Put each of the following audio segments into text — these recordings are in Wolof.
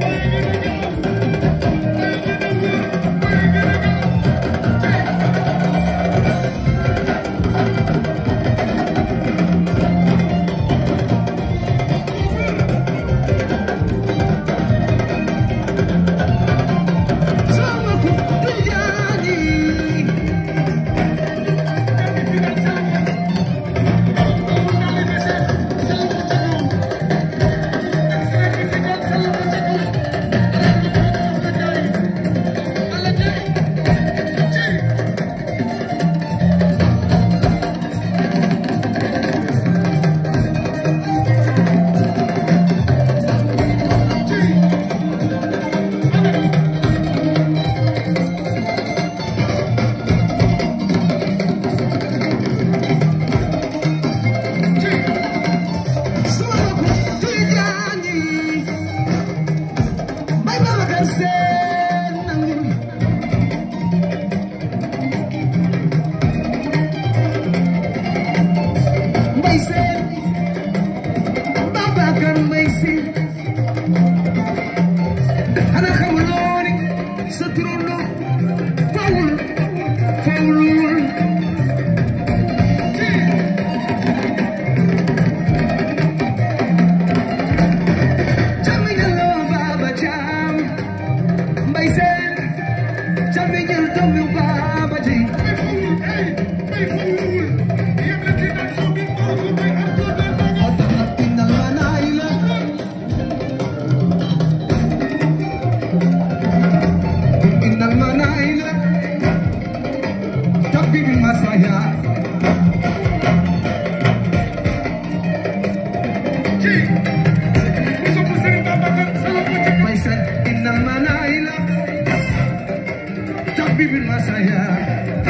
Thank you. see. yeah.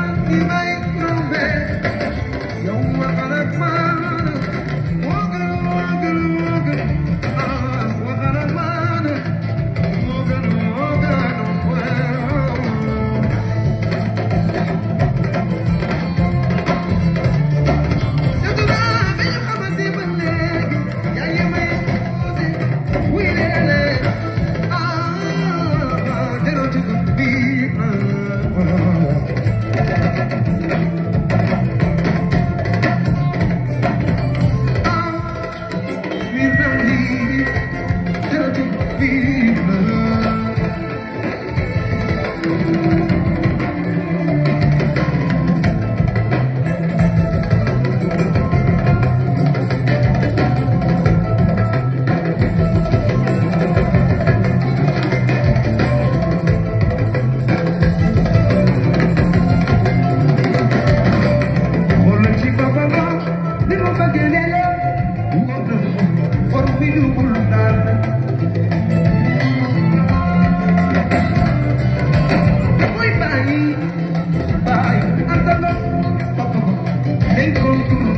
encontro